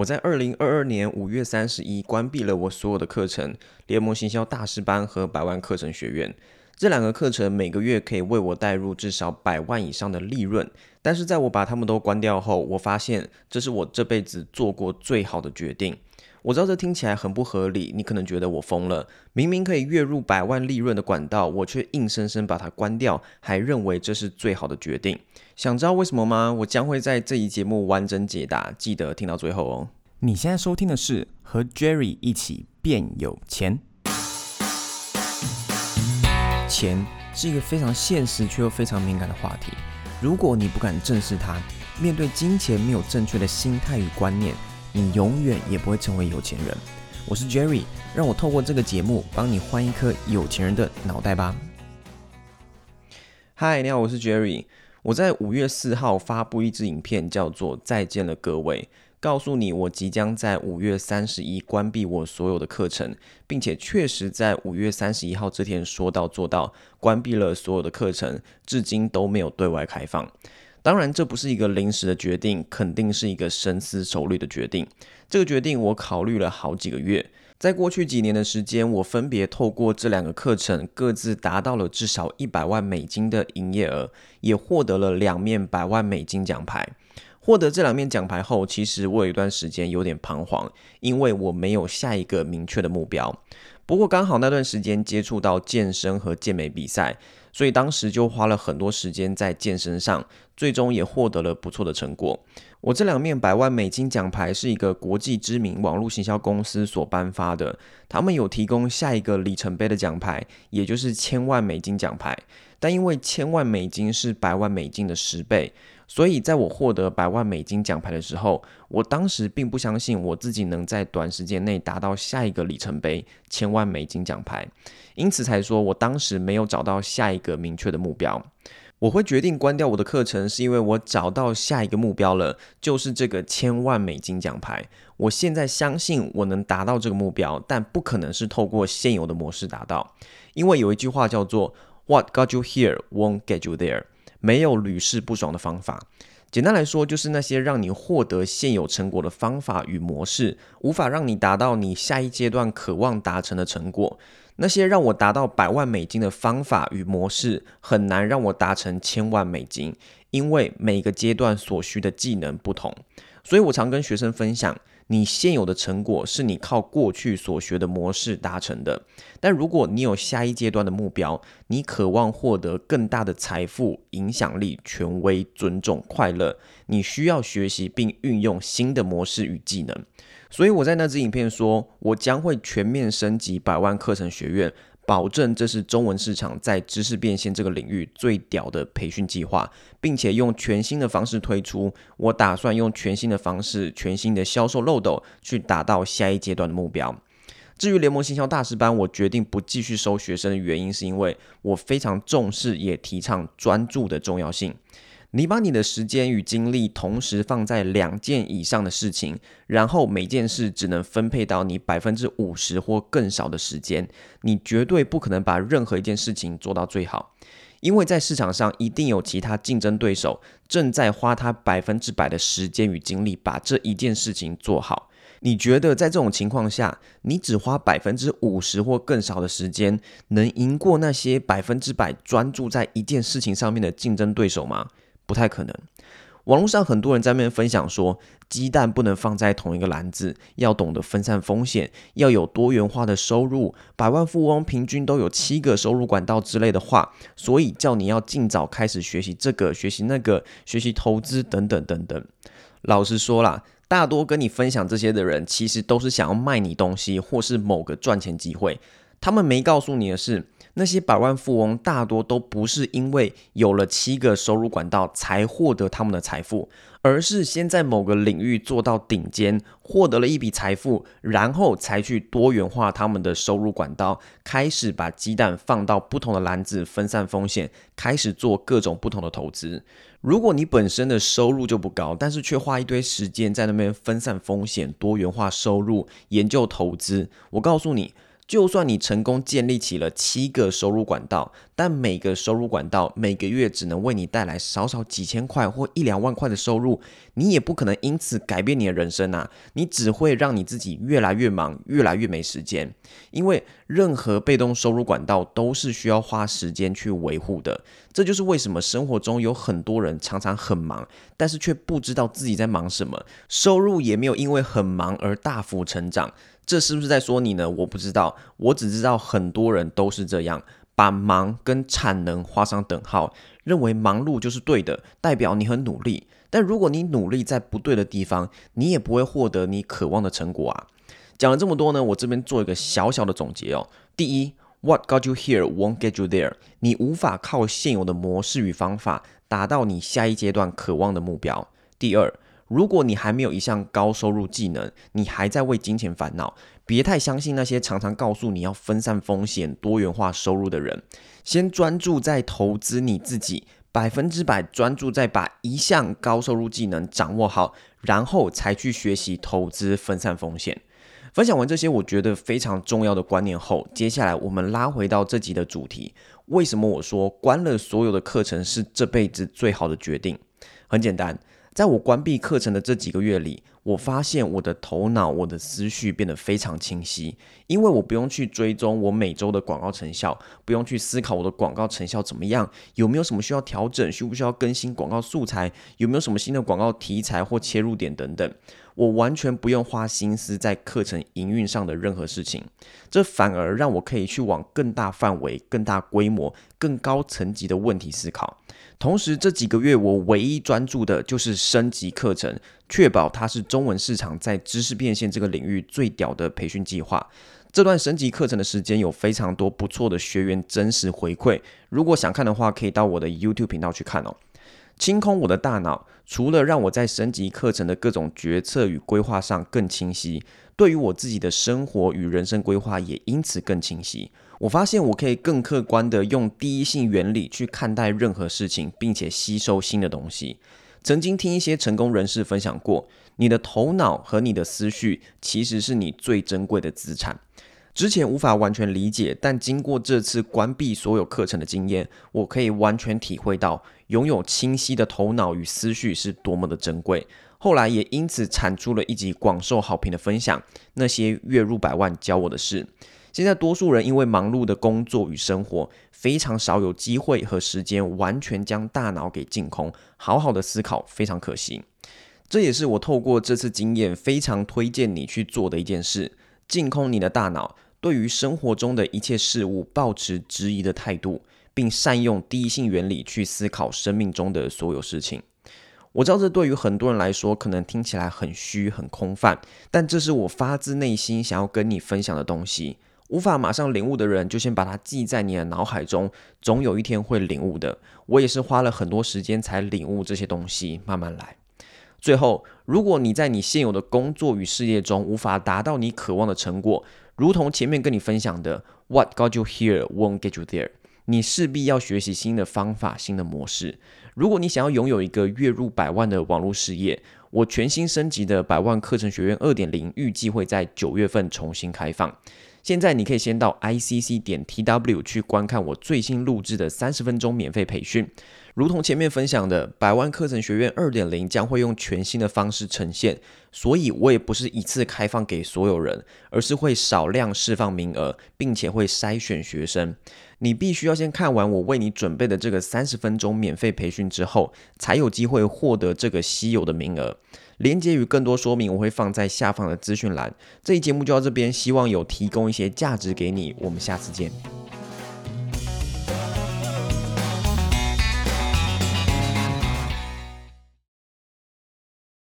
我在二零二二年五月三十一關閉了我所有的課程，聯盟行銷大師班和百萬課程學院這兩個課程，每個月可以為我帶入至少百萬以上的利潤。但是在我把它們都關掉後，我發現這是我這輩子做過最好的決定。我知道這聽起來很不合理，你可能覺得我瘋了。明明可以月入百萬利潤的管道，我卻硬生生把它關掉，還認為這是最好的決定。想知道為什麼嗎？我將會在這一節目完整解答，記得聽到最後哦。你現在收聽的是和 Jerry 一起變有錢。錢是一個非常現實卻又非常敏感的話題。如果你不敢正視它，面對金錢沒有正確的心態與觀念。你永遠也不會成為有錢人。我是 Jerry，讓我透過這個節目幫你換一顆有錢人的腦袋吧。嗨，你好，我是 Jerry。我在五月四號發布一支影片，叫做《再見了，各位》，告訴你我即將在五月三十一關閉我所有的課程，並且確實在五月三十一號這天說到做到，關閉了所有的課程，至今都沒有對外開放。當然，這不是一個臨時的決定，肯定是一個深思熟慮的決定。這個決定我考慮了好幾個月。在過去幾年的時間，我分別透過這兩個課程，各自達到了至少一百萬美金的營業額，也獲得了兩面百萬美金獎牌。獲得這兩面獎牌後，其實我有一段時間有點彷徨，因為我沒有下一個明確的目標。不過剛好那段時間接觸到健身和健美比賽，所以當時就花了很多時間在健身上。最終也獲得了不錯的成果。我這兩面百萬美金獎牌是一個國際知名網絡行銷公司所頒發的。他們有提供下一個里程碑的獎牌，也就是千萬美金獎牌。但因為千萬美金是百萬美金的十倍，所以在我獲得百萬美金獎牌的時候，我當時並不相信我自己能在短時間內達到下一個里程碑——千萬美金獎牌。因此才說我當時沒有找到下一個明確的目標。我會決定關掉我的課程，是因為我找到下一個目標了，就是這個千萬美金獎牌。我現在相信我能達到這個目標，但不可能是透過現有的模式達到，因為有一句話叫做 “What got you here won't get you there”，沒有屢試不爽的方法。簡單來說，就是那些讓你獲得現有成果的方法與模式，無法讓你達到你下一階段渴望達成的成果。那些讓我達到百萬美金的方法與模式，很難讓我達成千萬美金，因為每個階段所需的技能不同，所以我常跟學生分享。你現有的成果是你靠過去所學的模式達成的，但如果你有下一階段的目標，你渴望獲得更大的財富、影響力、權威、尊重、快樂，你需要學習並運用新的模式與技能。所以我在那支影片說，我將會全面升級百萬課程學院。保證這是中文市場在知識變現這個領域最屌的培訓計劃，並且用全新的方式推出。我打算用全新的方式、全新的銷售漏斗去達到下一階段的目標。至於聯盟行銷大師班，我決定不繼續收學生的原因，是因為我非常重視也提倡專注的重要性。你把你的時間與精力同時放在兩件以上的事情，然後每件事只能分配到你百分之五十或更少的時間，你絕對不可能把任何一件事情做到最好，因為在市場上一定有其他競爭對手正在花他百分之百的時間與精力把這一件事情做好。你覺得在這種情況下，你只花百分之五十或更少的時間，能贏過那些百分之百專注在一件事情上面的競爭對手嗎？不太可能，網絡上很多人在那邊分享說，雞蛋不能放在同一個籃子，要懂得分散風險，要有多元化的收入，百萬富翁平均都有七個收入管道之類的話，所以叫你要盡早開始學習這個，學習那個，學習投資等等等等。老實說啦，大多跟你分享這些的人，其實都是想要賣你東西或是某個賺錢機會。他們沒告訴你的是，那些百萬富翁大多都不是因為有了七個收入管道才獲得他們的財富，而是先在某個領域做到頂尖，獲得了一筆財富，然後才去多元化他們的收入管道，開始把雞蛋放到不同的籃子，分散風險，開始做各種不同的投資。如果你本身的收入就不高，但是卻花一堆時間在那邊分散風險、多元化收入、研究投資，我告訴你。就算你成功建立起了七個收入管道，但每個收入管道每個月只能為你帶來少少幾千塊或一兩萬塊的收入，你也不可能因此改變你的人生吶、啊。你只會讓你自己越來越忙，越來越沒時間。因為任何被動收入管道都是需要花時間去維護的。這就是為什麼生活中有很多人常常很忙，但是卻不知道自己在忙什麼，收入也沒有因為很忙而大幅成長。這是不是在說你呢？我不知道，我只知道很多人都是這樣，把忙跟產能畫上等號，認為忙碌就是對的，代表你很努力。但如果你努力在不對的地方，你也不會獲得你渴望的成果啊。講了這麼多呢，我這邊做一個小小的總結哦。第一，What got you here won't get you there。你無法靠現有的模式與方法達到你下一階段渴望的目標。第二。如果你還沒有一項高收入技能，你還在為金錢煩惱，別太相信那些常常告訴你要分散風險、多元化收入的人。先專注在投資你自己，百分之百專注在把一項高收入技能掌握好，然後才去學習投資分散風險。分享完這些我覺得非常重要的觀念後，接下來我們拉回到這集的主題：為什麼我說關了所有的課程是這輩子最好的決定？很簡單。在我關閉課程的這幾個月裡，我發現我的頭腦、我的思緒變得非常清晰，因為我不用去追蹤我每周的廣告成效，不用去思考我的廣告成效怎麼樣，有沒有什麼需要調整，需不需要更新廣告素材，有沒有什麼新的廣告題材或切入點等等。我完全不用花心思在課程營運上的任何事情，這反而讓我可以去往更大範圍、更大規模、更高層級的問題思考。同時，這幾個月我唯一專注的就是升級課程，確保它是中文市場在知識變現這個領域最屌的培訓計劃。這段升級課程的時間有非常多不錯的學員真實回饋，如果想看的話，可以到我的 YouTube 頻道去看哦。清空我的大腦，除了讓我在升級課程的各種決策與規劃上更清晰，對於我自己的生活與人生規劃也因此更清晰。我發現我可以更客觀地用第一性原理去看待任何事情，並且吸收新的東西。曾經聽一些成功人士分享過，你的頭腦和你的思緒其實是你最珍貴的資產。之前無法完全理解，但經過這次關閉所有課程的經驗，我可以完全體會到。擁有清晰的頭腦與思緒是多麼的珍貴。後來也因此產出了一集廣受好評的分享，那些月入百萬教我的事。現在多數人因為忙碌的工作與生活，非常少有機會和時間完全將大腦給淨空，好好的思考，非常可惜。這也是我透過這次經驗，非常推薦你去做的一件事：淨空你的大腦，對於生活中的一切事物抱持質疑的態度。並善用第一性原理去思考生命中的所有事情。我知道這對於很多人來說可能聽起來很虛、很空泛，但這是我發自內心想要跟你分享的東西。無法馬上領悟的人，就先把它記在你的腦海中，總有一天會領悟的。我也是花了很多時間才領悟這些東西，慢慢來。最後，如果你在你現有的工作與事業中無法達到你渴望的成果，如同前面跟你分享的，What got you here won't get you there。你勢必要學習新的方法、新的模式。如果你想要擁有一個月入百萬的網絡事業，我全新升級的百萬課程學院二點零預計會在九月份重新開放。現在你可以先到 ICC 點 TW 去觀看我最新錄製的三十分鐘免費培訓。如同前面分享的，百萬課程學院二點零將會用全新的方式呈現，所以我也不是一次開放給所有人，而是會少量釋放名額，並且會篩選學生。你必須要先看完我為你準備的這個三十分鐘免費培訓之後，才有機會獲得這個稀有的名額。鏈接與更多說明我會放在下方的資訊欄。這一節目就到這邊，希望有提供一些價值給你。我們下次見。